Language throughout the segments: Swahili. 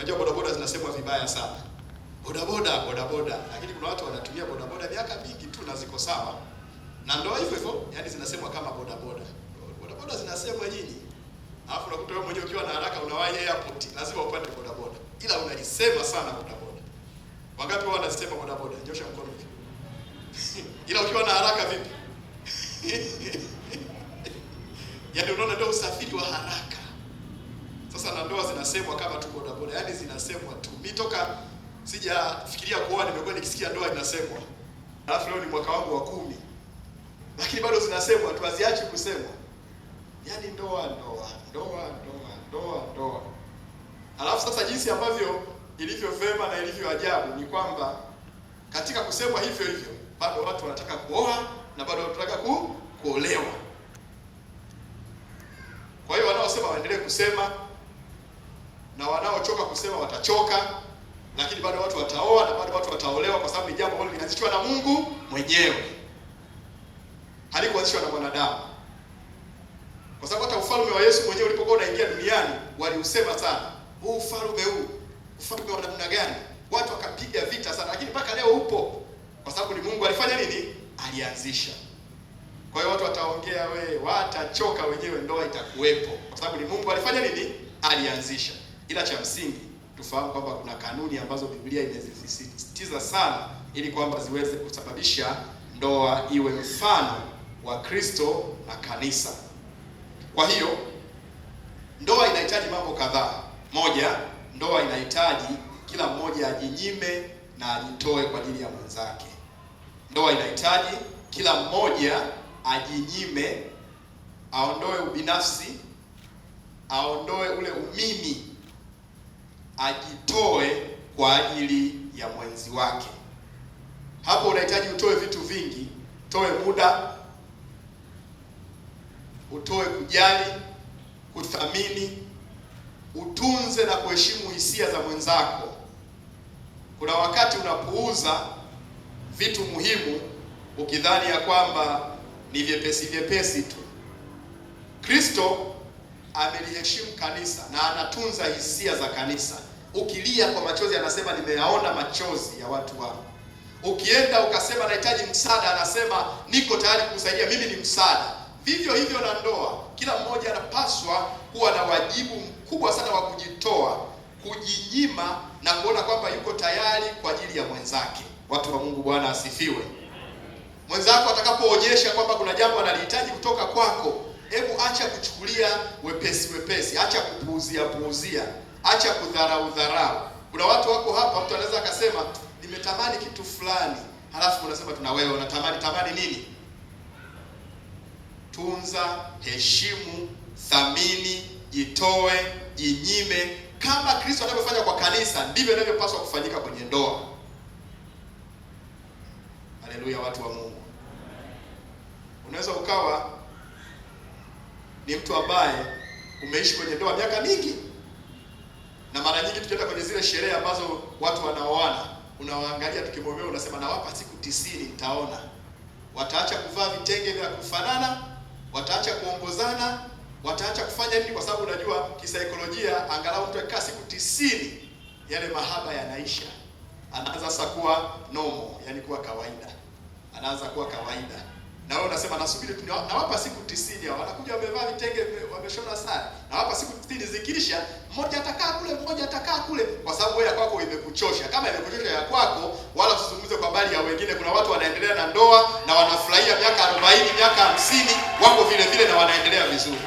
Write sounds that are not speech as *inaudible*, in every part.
Unajua bodaboda zinasemwa vibaya sana, bodaboda bodaboda, lakini kuna watu wanatumia bodaboda miaka mingi tu na ziko sawa, na ndio hivyo hivyo, yaani zinasemwa kama bodaboda bodaboda zinasemwa nyinyi, alafu unakuta wewe mwenyewe ukiwa na haraka unawahi airport, lazima upande bodaboda, ila unajisema sana bodaboda. Wangapi wao wanasema bodaboda? Nyosha mkono *laughs* ila ukiwa na haraka vipi? *laughs* Yaani unaona ndio usafiri wa haraka sasa na ndoa zinasemwa kama tu boda, yaani zinasemwa tu. Mimi toka sijafikiria kuoa nimekuwa nikisikia ndoa inasemwa, alafu leo ni mwaka wangu wa kumi, lakini bado zinasemwa tu, haziachi kusemwa. Yaani ndoa ndoa ndoa ndoa ndoa ndoa. Alafu sasa jinsi ambavyo ilivyo vema na ilivyo ajabu ni kwamba katika kusemwa hivyo hivyo bado watu wanataka kuoa na bado wanataka ku, kuolewa. Kwa hiyo wanaosema waendelee kusema na wanaochoka kusema watachoka, lakini bado watu wataoa na bado watu wataolewa, kwa sababu ni jambo ambalo lilianzishwa na Mungu mwenyewe, halikuanzishwa na mwanadamu, kwa sababu hata ufalme wa Yesu mwenyewe ulipokuwa unaingia duniani waliusema sana, huu ufalme huu ufalme wa namna gani? Watu wakapiga vita sana, lakini mpaka leo upo, kwa sababu ni Mungu alifanya nini? Alianzisha. Kwa hiyo watu wataongea, we watachoka wenyewe, ndoa itakuwepo, kwa sababu ni Mungu alifanya nini? Alianzisha ila cha msingi tufahamu kwamba kuna kanuni ambazo Biblia imezisisitiza sana ili kwamba ziweze kusababisha ndoa iwe mfano wa Kristo na kanisa. Kwa hiyo ndoa inahitaji mambo kadhaa. Moja, ndoa inahitaji kila mmoja ajinyime na ajitoe kwa ajili ya mwenzake. Ndoa inahitaji kila mmoja ajinyime, aondoe ubinafsi, aondoe ule umimi ajitoe kwa ajili ya mwenzi wake. Hapo unahitaji utoe vitu vingi, utoe muda, utoe kujali, kuthamini, utunze na kuheshimu hisia za mwenzako. Kuna wakati unapuuza vitu muhimu ukidhani ya kwamba ni vyepesi vyepesi tu. Kristo ameliheshimu kanisa na anatunza hisia za kanisa. Ukilia kwa machozi, anasema nimeyaona machozi ya watu wangu. Ukienda ukasema nahitaji msaada, anasema niko tayari kukusaidia, mimi ni msaada. Vivyo hivyo na ndoa, kila mmoja anapaswa kuwa na wajibu mkubwa sana wa kujitoa, kujinyima na kuona kwamba yuko tayari kwa ajili ya mwenzake. Watu wa Mungu, Bwana asifiwe. Mwenzako atakapoonyesha kwamba kuna jambo analihitaji kutoka kwako, hebu acha kuchukulia wepesi wepesi, acha kupuuzia puuzia acha kudharau dharau. Kuna watu wako hapa, mtu anaweza akasema nimetamani kitu fulani, halafu unasema tuna wewe unatamani tamani nini? Tunza, heshimu, thamini, jitoe, jinyime. Kama Kristo anavyofanya kwa kanisa, ndivyo inavyopaswa kufanyika kwenye ndoa. Haleluya, watu wa Mungu. Unaweza ukawa ni mtu ambaye umeishi kwenye ndoa miaka mingi na mara nyingi tukienda kwenye zile sherehe ambazo watu wanaoana, unawaangalia, tukibomea unasema nawapa siku tisini, nitaona wataacha kuvaa vitenge vya kufanana, wataacha kuongozana, wataacha kufanya nini, kwa sababu unajua kisaikolojia, angalau mtu akikaa siku tisini, yale mahaba yanaisha, anaanza sasa kuwa normal, yani kuwa kawaida, anaanza kuwa kawaida na wewe unasema nasubiri tu, nawapa siku 90 Hao wanakuja wamevaa vitenge, wameshona sana, nawapa siku 90 zikilisha mmoja atakaa kule, mmoja atakaa kule, kwa sababu wewe kwako imekuchosha. Kama imekuchosha ya kwako, wala usizungumze kwa bali ya wengine. Kuna watu wanaendelea na ndoa na wanafurahia miaka 40 miaka 50, wako vile vile na wanaendelea vizuri.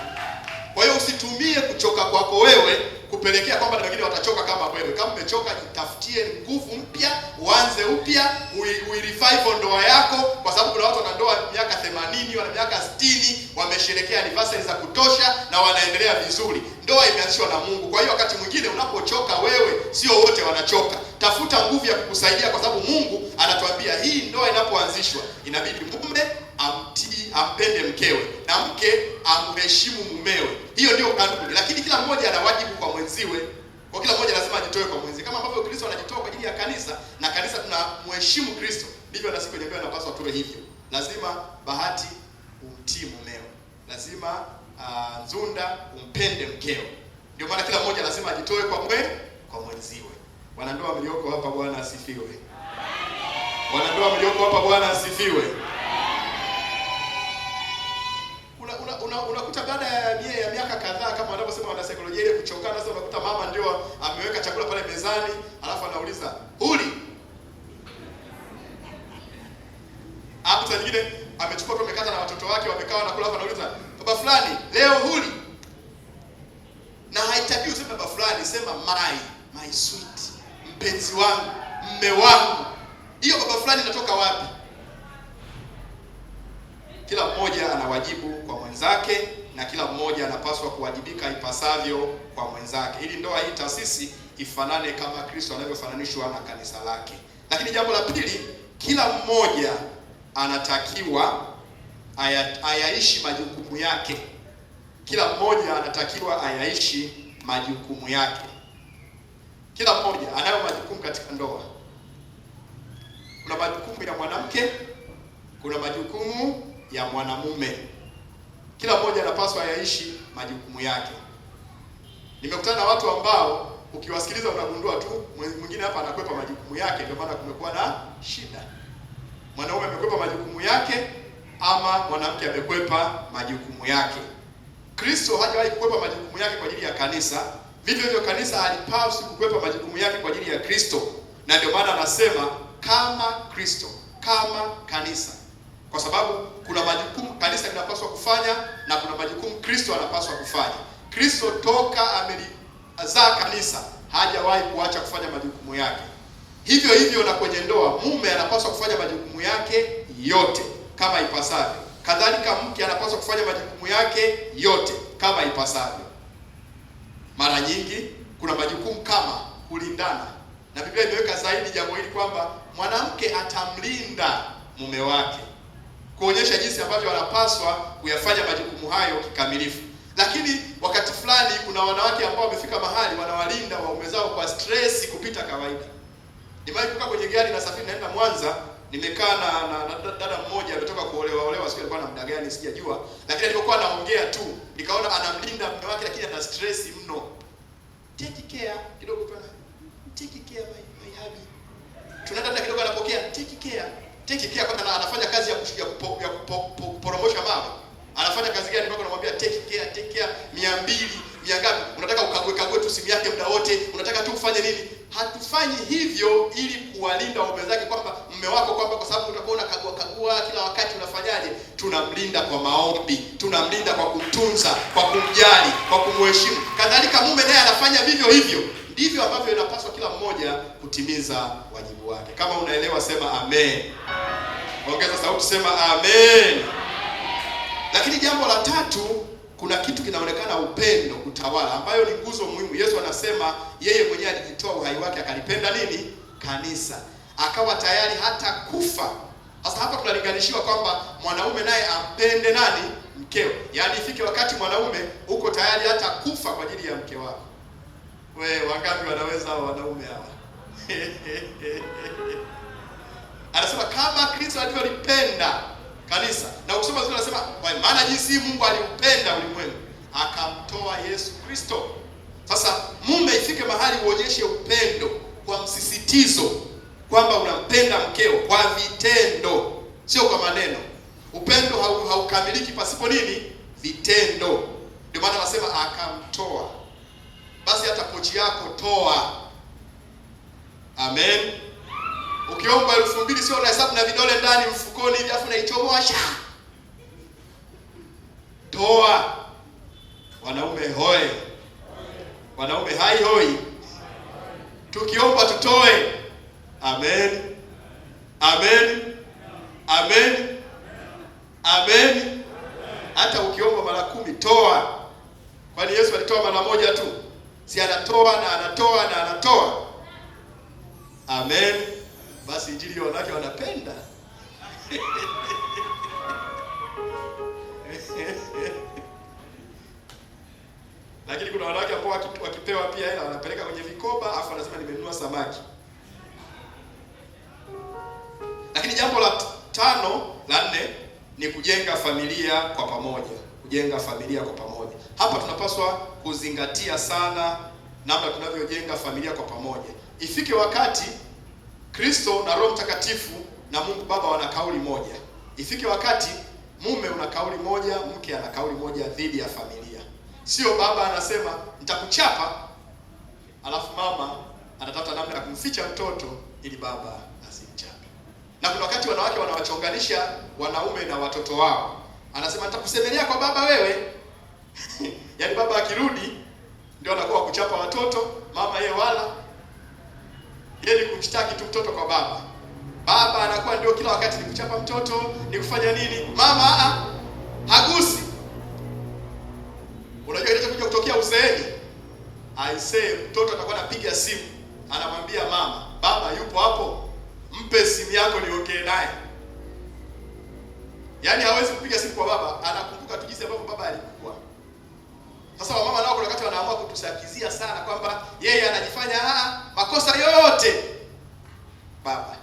Kwa hiyo usitumie kuchoka kwako wewe kupelekea kwamba na wengine watachoka kama wewe. Kama umechoka, jitafutie nguvu mpya, uanze upya, uirevive ndoa yako, kwa sababu kuna watu wana ndoa miaka 80, wana miaka 60, wamesherekea anniversary za kutosha na wanaendelea vizuri. Ndoa imeanzishwa na Mungu. Kwa hiyo wakati mwingine unapochoka wewe, sio wote wanachoka. Tafuta nguvu ya kukusaidia, kwa sababu Mungu anatuambia hii ndoa inapoanzishwa inabidi mume ampende mkewe na mke amheshimu mumewe. Hiyo ndio kanuni, lakini kila mmoja ana wajibu kwa mwenziwe, kwa kila mmoja lazima ajitoe kwa mwenzi, kama ambavyo Kristo anajitoa kwa ajili ya kanisa na kanisa tunamheshimu Kristo, ndivyo na siku yenyewe anapaswa tuwe hivyo. Lazima Bahati umtii mumewe lazima uh, Nzunda umpende mkewe Ndio maana kila mmoja lazima ajitoe kwa mwe, kwa mwenziwe. Wanandoa mlioko hapa, Bwana asifiwe. Wanandoa mlioko hapa, Bwana asifiwe. unakuta una baada ya mie ya miaka kadhaa kama wanavyosema saikolojia ile kuchokana. Sasa unakuta mama ndio ameweka chakula pale mezani, alafu anauliza huli hapo. Saa nyingine amechukua tu mekata na watoto wake wamekaa wanakula, alafu anauliza baba fulani, leo huli? Na haitaki useme baba fulani, sema my my sweet, mpenzi wangu, mme wangu. Hiyo baba fulani inatoka wapi? Kila mmoja ana wajibu kwa mwenzake na kila mmoja anapaswa kuwajibika ipasavyo kwa mwenzake, ili ndoa hii taasisi ifanane kama Kristo anavyofananishwa na kanisa lake. Lakini jambo la pili, kila mmoja anatakiwa aya, ayaishi majukumu yake. Kila mmoja anatakiwa ayaishi majukumu yake. Kila mmoja anayo majukumu katika ndoa. Kuna majukumu ya mwanamke, kuna majukumu ya mwanamume. Kila mmoja anapaswa yaishi majukumu yake. Nimekutana na watu ambao ukiwasikiliza unagundua tu mwingine hapa anakwepa majukumu yake, ndio maana kumekuwa na shida. Mwanaume amekwepa majukumu yake ama mwanamke amekwepa majukumu yake. Kristo hajawahi kukwepa majukumu yake kwa ajili ya kanisa. Vivyo hivyo, kanisa halipaswi kukwepa majukumu yake kwa ajili ya Kristo, na ndio maana anasema kama Kristo, kama kanisa kwa sababu kuna majukumu kanisa linapaswa kufanya na kuna majukumu Kristo anapaswa kufanya. Kristo toka amelizaa kanisa hajawahi kuacha kufanya majukumu yake. Hivyo hivyo na kwenye ndoa, mume anapaswa kufanya majukumu yake yote kama ipasavyo. Kadhalika mke anapaswa kufanya majukumu yake yote kama ipasavyo. Mara nyingi kuna majukumu kama kulindana, na Biblia imeweka zaidi jambo hili kwamba mwanamke atamlinda mume wake kuonyesha jinsi ambavyo wanapaswa kuyafanya majukumu hayo kikamilifu. Lakini wakati fulani kuna wanawake ambao wamefika mahali wanawalinda waume zao kwa stress kupita kawaida. Nimewahi kukaa kwenye gari na safari naenda Mwanza, nimekaa na, na, na dada mmoja ametoka kuolewa olewa, sio alikuwa na muda gani sijajua, lakini alipokuwa anaongea tu nikaona anamlinda mume wake, lakini ana stress mno. Take care kidogo, pana take care my, my hubby, tunaenda kidogo, anapokea take care Tiki kia kwamba anafanya kazi ya kushikia kuporomosha mama Anafanya kazi gani mpaka unamwambia take care take care 200, 200. Unataka ukague kague tu simu yake muda wote, unataka tu ufanye nini? Hatufanyi hivyo ili kuwalinda waume zake kwamba mume wako kwamba kwa sababu utakuwa unakagua kagua kila wakati unafanyaje? Tunamlinda kwa maombi, tunamlinda kwa kumtunza, kwa kumjali, kwa kumheshimu. Kadhalika mume naye anafanya vivyo hivyo ndivyo ambavyo inapaswa kila mmoja kutimiza wajibu wake. Kama unaelewa, sema amen. Ongeza sauti, sema amen. Lakini jambo la tatu, kuna kitu kinaonekana upendo utawala ambayo ni nguzo muhimu. Yesu anasema yeye mwenyewe alijitoa uhai wake akalipenda nini? Kanisa, akawa tayari hata kufa. Sasa hapa tunalinganishiwa kwamba mwanaume naye ampende nani? Mkeo. Yaani ifike wakati mwanaume uko tayari hata kufa kwa ajili ya mke wako. We wangapi wanaweza hawa wanaume hawa? *laughs* Anasema kama Kristo alivyolipenda kanisa, na ukisoma zile anasema kwa maana jinsi Mungu alimpenda ulimwengu akamtoa Yesu Kristo. Sasa mume, ifike mahali uonyeshe upendo kwa msisitizo kwamba unampenda mkeo kwa vitendo, sio kwa maneno. Upendo haukamiliki pasipo nini? Vitendo. Ndio maana anasema akamtoa basi hata pochi yako toa. Amen. Ukiomba elfu mbili sio unahesabu na vidole ndani mfukoni hivi afu naichomoa sha. Toa. Wanaume hoi. Wanaume hai hoi. Tukiomba tutoe. Amen. Amen. Amen. Amen. Hata ukiomba mara kumi toa. Kwani Yesu alitoa mara moja tu? si anatoa na anatoa na anatoa. Amen. Basi injili wanawake wanapenda *laughs* lakini kuna wanawake ambao wakipewa pia hela wanapeleka kwenye vikoba, afu anasema nimenunua samaki. Lakini jambo la tano la nne ni kujenga familia kwa pamoja kujenga familia kwa pamoja. Hapa tunapaswa kuzingatia sana namna tunavyojenga familia kwa pamoja. Ifike wakati Kristo na Roho Mtakatifu na Mungu Baba wana kauli moja. Ifike wakati mume una kauli moja, mke ana kauli moja dhidi ya familia. Sio baba anasema nitakuchapa, alafu mama anatafuta namna ya kumficha mtoto ili baba asimchape. Na kuna wakati wanawake wanawachonganisha wanaume na watoto wao anasema atakusemelea kwa baba wewe. *laughs* Yaani baba akirudi ndio anakuwa kuchapa watoto, mama yeye wala yeye ni kumshtaki tu mtoto kwa baba. Baba anakuwa ndio kila wakati ni kuchapa mtoto, ni kufanya nini? Mama a ah, hagusi. Unajua kitu kutokea uzeeni, aisee, mtoto atakuwa anapiga simu, anamwambia mama, baba yupo hapo, mpe simu yako niongee naye. Yaani hawezi kupiga simu kwa baba, anakumbuka tu jinsi ambavyo baba alikuwa. Sasa wamama nao kuna wakati wanaamua kutusakizia sana kwamba yeye anajifanya ah, makosa yote baba.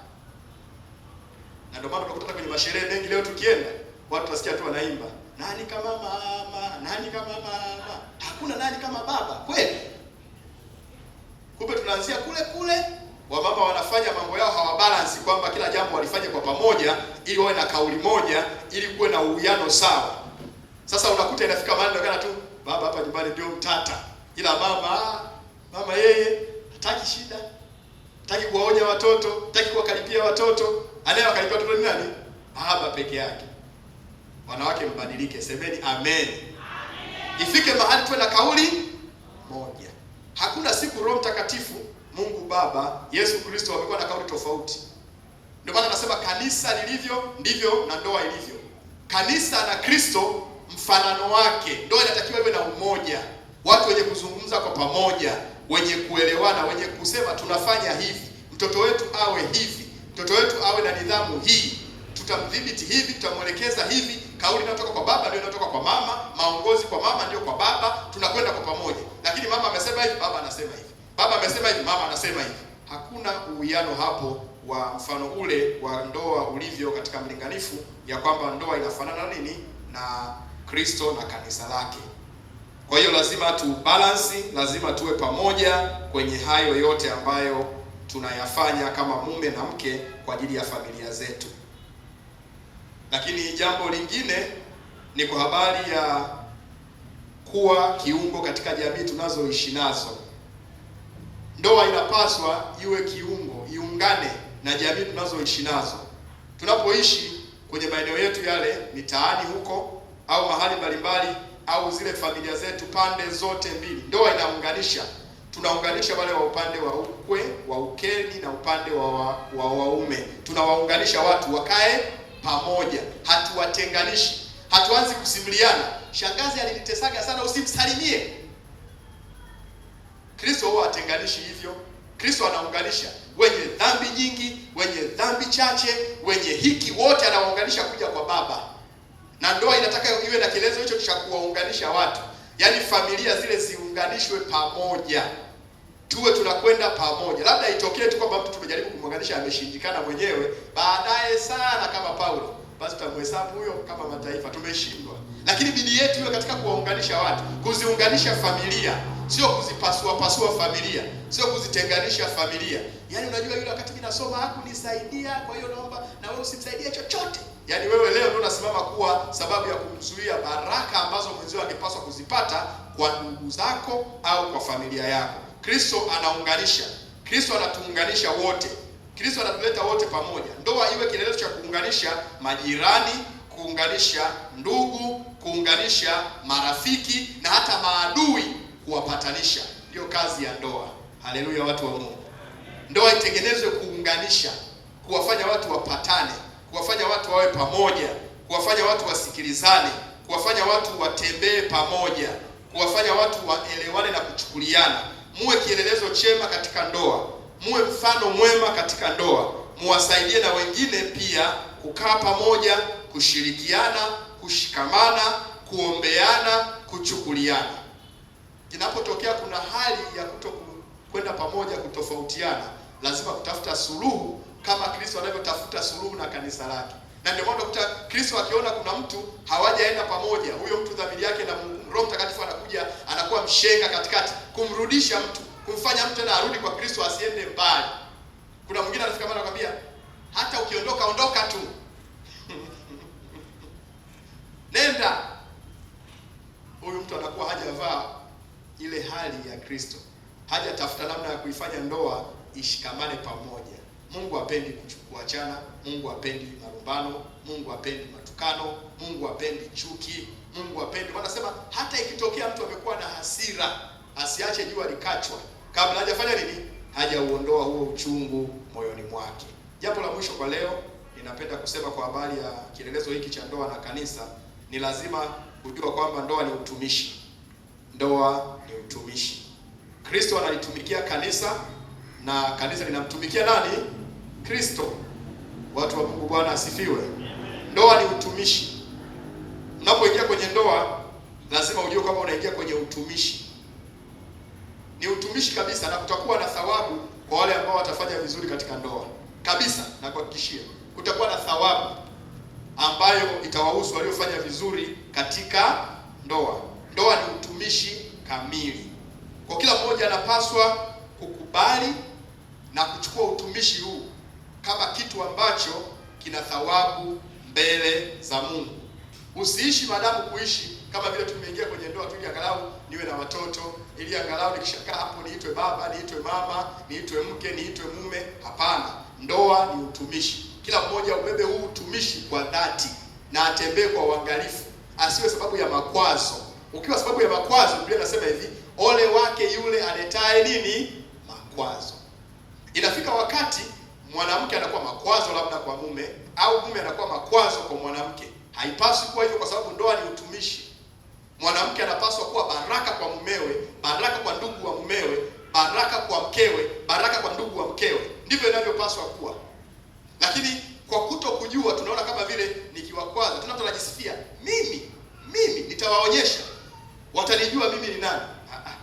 Na ndio maana tunakutana kwenye masherehe mengi leo tukienda, watu wasikia tu wanaimba, nani kama mama, nani kama mama. Hakuna nani kama baba, kweli? Kumbe tunaanzia kule kule wamama wanafanya mambo yao hawabalansi, kwamba kila jambo walifanye kwa pamoja, ili wawe na kauli moja, ili kuwe na uwiano sawa. Sasa unakuta inafika mahali ndio tu baba hapa nyumbani ndio mtata, ila mama mama yeye hataki shida, hataki kuwaonya watoto, hataki kuwakaribia watoto. Anayewakaribia watoto ni nani? Baba peke yake. Wanawake mbadilike, semeni amen. Ifike mahali tuwe na kauli moja. Hakuna siku Roho Mtakatifu Mungu Baba, Yesu Kristo wamekuwa na kauli tofauti. Ndio maana anasema kanisa lilivyo ndivyo na ndoa ilivyo. Kanisa na Kristo mfanano wake, ndoa inatakiwa iwe na umoja, watu wenye kuzungumza kwa pamoja, wenye kuelewana, wenye kusema tunafanya hivi, mtoto wetu awe hivi, mtoto wetu awe na nidhamu hii, tutamdhibiti hivi, tutamwelekeza hivi. Kauli inayotoka kwa baba ndio inatoka kwa mama, maongozi kwa mama ndio kwa baba, tunakwenda kwa pamoja. Lakini mama amesema hivi, baba anasema hivi baba amesema hivi, mama anasema hivi. Hakuna uwiano hapo wa mfano ule wa ndoa ulivyo katika mlinganifu, ya kwamba ndoa inafanana nini na Kristo na kanisa lake. Kwa hiyo lazima tu balance, lazima tuwe pamoja kwenye hayo yote ambayo tunayafanya kama mume na mke kwa ajili ya familia zetu. Lakini jambo lingine ni kwa habari ya kuwa kiungo katika jamii tunazoishi nazo. Ndoa inapaswa iwe kiungo, iungane na jamii tunazoishi nazo. Tunapoishi kwenye maeneo yetu yale, mitaani huko au mahali mbalimbali, au zile familia zetu, pande zote mbili, ndoa inaunganisha. Tunaunganisha wale wa upande wa ukwe wa ukeni na upande wa waume wa, wa tunawaunganisha watu wakae pamoja, hatuwatenganishi, hatuanzi kusimuliana, shangazi alinitesaga sana, usimsalimie Kristo huwa atenganishi hivyo. Kristo anaunganisha wenye dhambi nyingi, wenye dhambi chache, wenye hiki, wote anawaunganisha kuja kwa Baba, na ndoa inataka iwe na kielezo hicho cha kuwaunganisha watu, yaani familia zile ziunganishwe pamoja, tuwe tunakwenda pamoja. Labda itokee tu kwamba mtu tumejaribu kumwanganisha, ameshindikana mwenyewe, baadaye sana, kama Paulo, basi tutamhesabu huyo kama mataifa. Tumeshindwa, lakini bidii yetu iwe katika kuwaunganisha watu, kuziunganisha familia sio kuzipasua pasua familia, sio kuzitenganisha familia. Yaani unajua yule wakati mimi nasoma hakunisaidia, kwa hiyo naomba na wewe usimsaidie chochote. Yaani wewe leo ndio unasimama kuwa sababu ya kumzuia baraka ambazo mwenzio angepaswa kuzipata kwa ndugu zako au kwa familia yako. Kristo anaunganisha. Kristo anatuunganisha wote. Kristo anatuleta wote pamoja. Ndoa iwe kielelezo cha kuunganisha majirani, kuunganisha ndugu, kuunganisha marafiki na hata maadui kuwapatanisha, ndiyo kazi ya ndoa. Haleluya, watu wa Mungu. Ndoa itengenezwe kuunganisha, kuwafanya watu wapatane, kuwafanya watu wawe pamoja, kuwafanya watu wasikilizane, kuwafanya watu watembee pamoja, kuwafanya watu waelewane na kuchukuliana. Muwe kielelezo chema katika ndoa, muwe mfano mwema katika ndoa, muwasaidie na wengine pia kukaa pamoja, kushirikiana, kushikamana, kuombeana, kuchukuliana inapotokea kuna hali ya kuto kwenda pamoja, kutofautiana, lazima kutafuta suluhu kama Kristo anavyotafuta suluhu na kanisa lake. Na ndio maana ukuta Kristo akiona kuna mtu hawajaenda pamoja, huyo mtu dhamiri yake na Roho Mtakatifu anakuja anakuwa mshenga katikati, kumrudisha mtu, kumfanya mtu na arudi kwa Kristo, asiende mbali. Kuna mwingine anafika mara anakwambia hata ukiondoka ondoka tu *laughs* nenda. Huyu mtu anakuwa hajavaa ile hali ya Kristo. Hajatafuta namna ya kuifanya ndoa ishikamane pamoja. Mungu hapendi kuachana, Mungu hapendi marumbano, Mungu hapendi matukano, Mungu hapendi chuki, Mungu hapendi. Wanasema hata ikitokea mtu amekuwa na hasira, asiache jua likachwa kabla hajafanya nini, hajauondoa huo uchungu moyoni mwake. Jambo la mwisho kwa leo, ninapenda kusema kwa habari ya kielelezo hiki cha ndoa na kanisa, ni lazima kujua kwamba ndoa ni utumishi. Ndoa ni utumishi. Kristo analitumikia kanisa na kanisa linamtumikia nani? Kristo. Watu wa Mungu, Bwana asifiwe. Ndoa ni utumishi. Unapoingia kwenye ndoa, lazima ujue kwamba unaingia kwenye utumishi. Ni utumishi kabisa, na kutakuwa na thawabu kwa wale ambao watafanya vizuri katika ndoa kabisa. Nakuhakikishia kutakuwa na thawabu ambayo itawahusu waliofanya vizuri katika ndoa. Ndoa ni utumishi kamili, kwa kila mmoja anapaswa kukubali na kuchukua utumishi huu kama kitu ambacho kina thawabu mbele za Mungu. Usiishi madamu kuishi kama vile tumeingia kwenye ndoa tu angalau niwe na watoto ili angalau nikishakaa hapo niitwe baba, niitwe mama, niitwe mke, niitwe mume. Hapana, ndoa ni utumishi. Kila mmoja ubebe huu utumishi kwa dhati na atembee kwa uangalifu, asiwe sababu ya makwazo ukiwa sababu ya makwazo. Biblia inasema hivi, ole wake yule aletaye nini? Makwazo. Inafika wakati mwanamke anakuwa makwazo labda kwa mume, au mume anakuwa makwazo kwa mwanamke. Haipaswi kuwa hivyo, kwa sababu ndoa ni utumishi. Mwanamke anapaswa kuwa baraka kwa mumewe, baraka kwa ndugu wa mumewe, baraka kwa mkewe, baraka kwa ndugu wa mkewe. Ndivyo inavyopaswa kuwa, lakini kwa kuto kujua tunaona kama vile nikiwakwaza, tuna mimi mimi nitawaonyesha watanijua mimi ni nani? Ah, ah.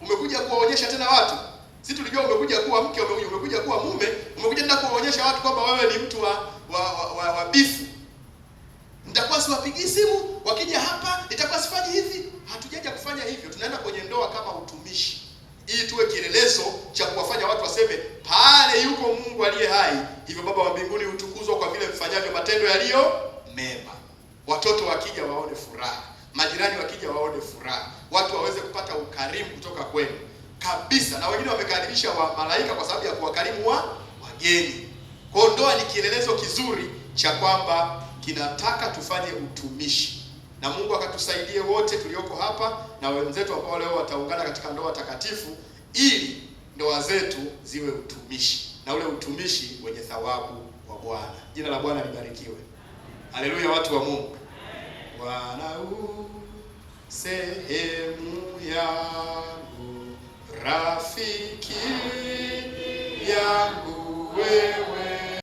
Umekuja kuwaonyesha tena watu, si tulijua umekuja kuwa mke, umekuja kuwa mume, umekuja tena kuwaonyesha watu kwamba wewe ni mtu wa wa, wa, wa, wa bifu. Nitakuwa siwapigii simu wakija hapa, nitakuwa sifanyi hivi. Hatujaja kufanya hivyo, tunaenda kwenye ndoa kama utumishi, ili tuwe kielelezo cha kuwafanya watu waseme pale yuko Mungu aliye hai. Hivyo Baba wa mbinguni hutukuzwa kwa vile mfanyavyo matendo yaliyo mema, watoto wakija waone furaha majirani wakija waone furaha, watu waweze kupata ukarimu kutoka kwenu kabisa. Na wengine wamekaribisha wa malaika kwa sababu ya kuwakarimu wa wageni. Kwa hiyo ndoa ni kielelezo kizuri cha kwamba kinataka tufanye utumishi na Mungu akatusaidie wote tulioko hapa na wenzetu ambao leo wataungana katika ndoa takatifu, ili ndoa zetu ziwe utumishi na ule utumishi wenye thawabu wa Bwana. Jina la Bwana libarikiwe. Haleluya, watu wa Mungu walau sehemu yangu, rafiki yangu wewe